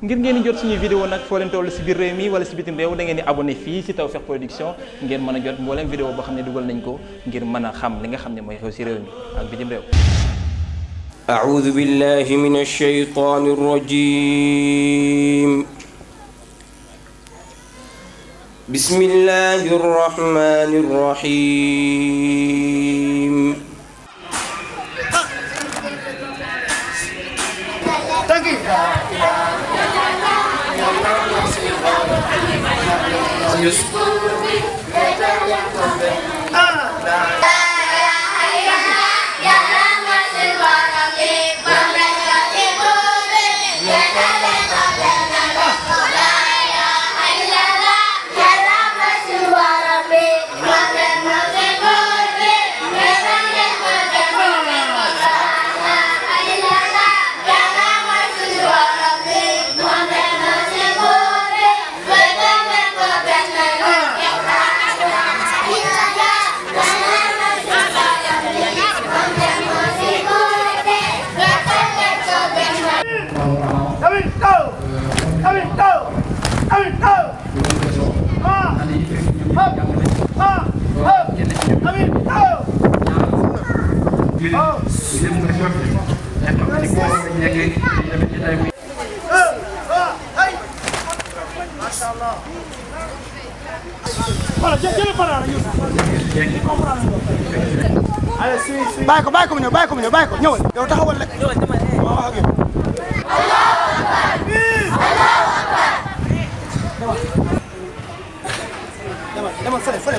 ngir ngeen di jot suñuy vidéo nag foo leen toll si biir réew mi wala si bitim réew da ngeen di abonné fii si Tawfekh Production ngeen mën a jot mbooleem vidéo boo xam ne dugal nañ ko ngir mën a xam li nga xam ne mooy xew si réew mi ak bitim réew أعوذ بالله من الشيطان news bàyyi ko bàyyi ko mu ñëw bàyyi ko mu ñëw bàyyi ko ñëwal yow taxawal la ma wax ak yow. Allahu akbar. Allahu akbar. demal demal fële fële.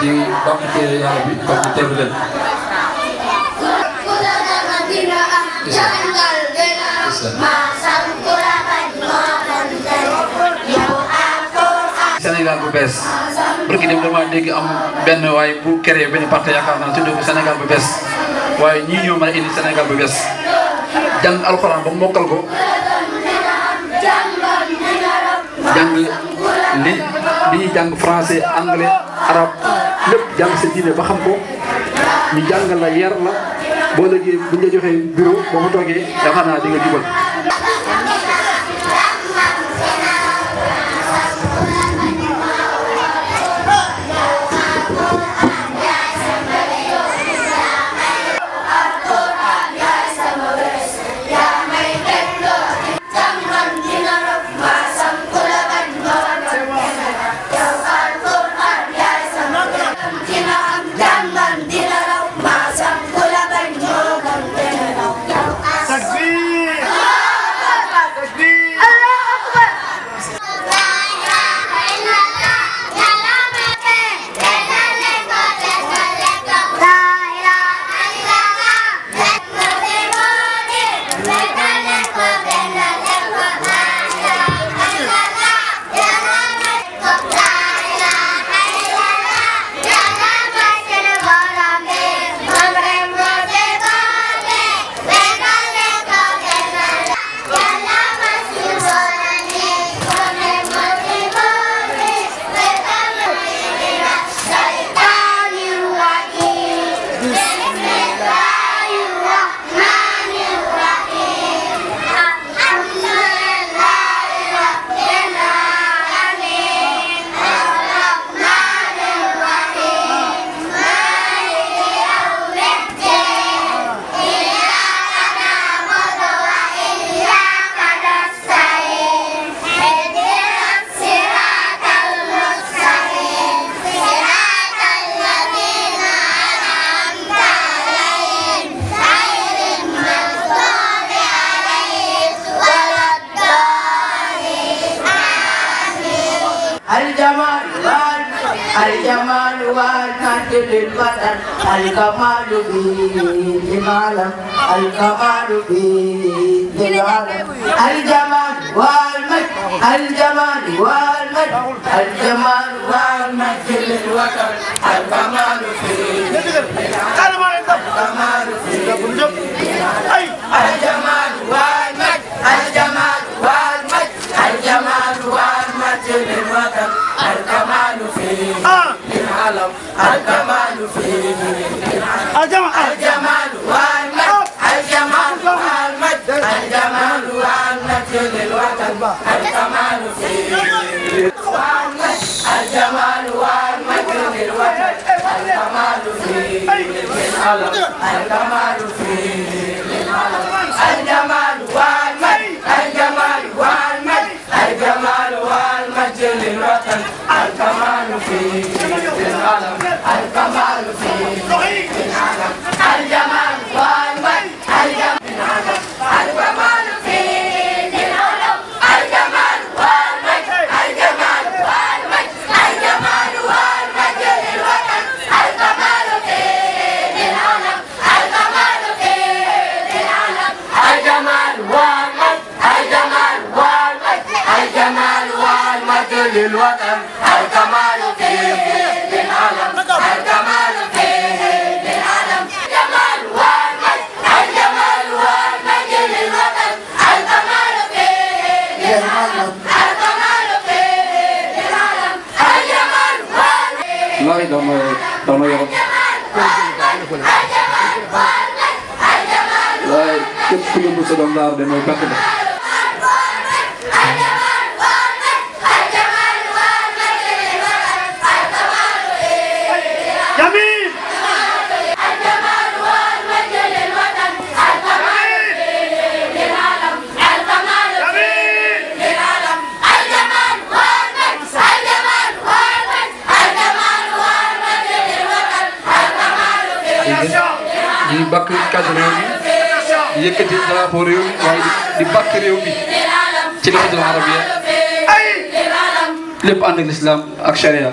di bàkk téere yàlla bi comme ñu teeru leen. Sénégal bu bees barki dem dama dégg am benn waaye bu créé benn parti yaakaar naa tudd ko Sénégal bu bees waaye ñii ñoo mën a indi Sénégal bu bees jàng alxuraan ba mokkal ko jàng li li ñuy français anglais arab lépp jàng sa diine ba xam ko ñu jàng la yar la boo léegi bu ñu la joxee bureau boo fa toogee yaakaar naa di nga jubal. الجمال والمجد للوطن الكمال به العالم الكمال به العالم الجمال والمجد الجمال والمجد الجمال والمجد للوطن الكمال به العالم الكمال به الجمال في الجمال الجمال والمجد الجمال والمجد الجمال والمجد للوطن الجمال في والمجد الجمال والمجد للوطن الجمال في الجمال في الجمال للوطن الجمال فيه للعالم الجمال فيه للعالم جمال والمجد الجمال والمجد للوطن الجمال فيه للعالم الجمال فيه للعالم الجمال والمجد الله يدمر يدمر يا رب الجمال والمجد الجمال والمجد كل مسلم نار ده ما يبقى yëkkati drapeau réew mi waaye di bàkk réew mi ci liqatul arabia ay lépp ànd ak lislaam ak sharia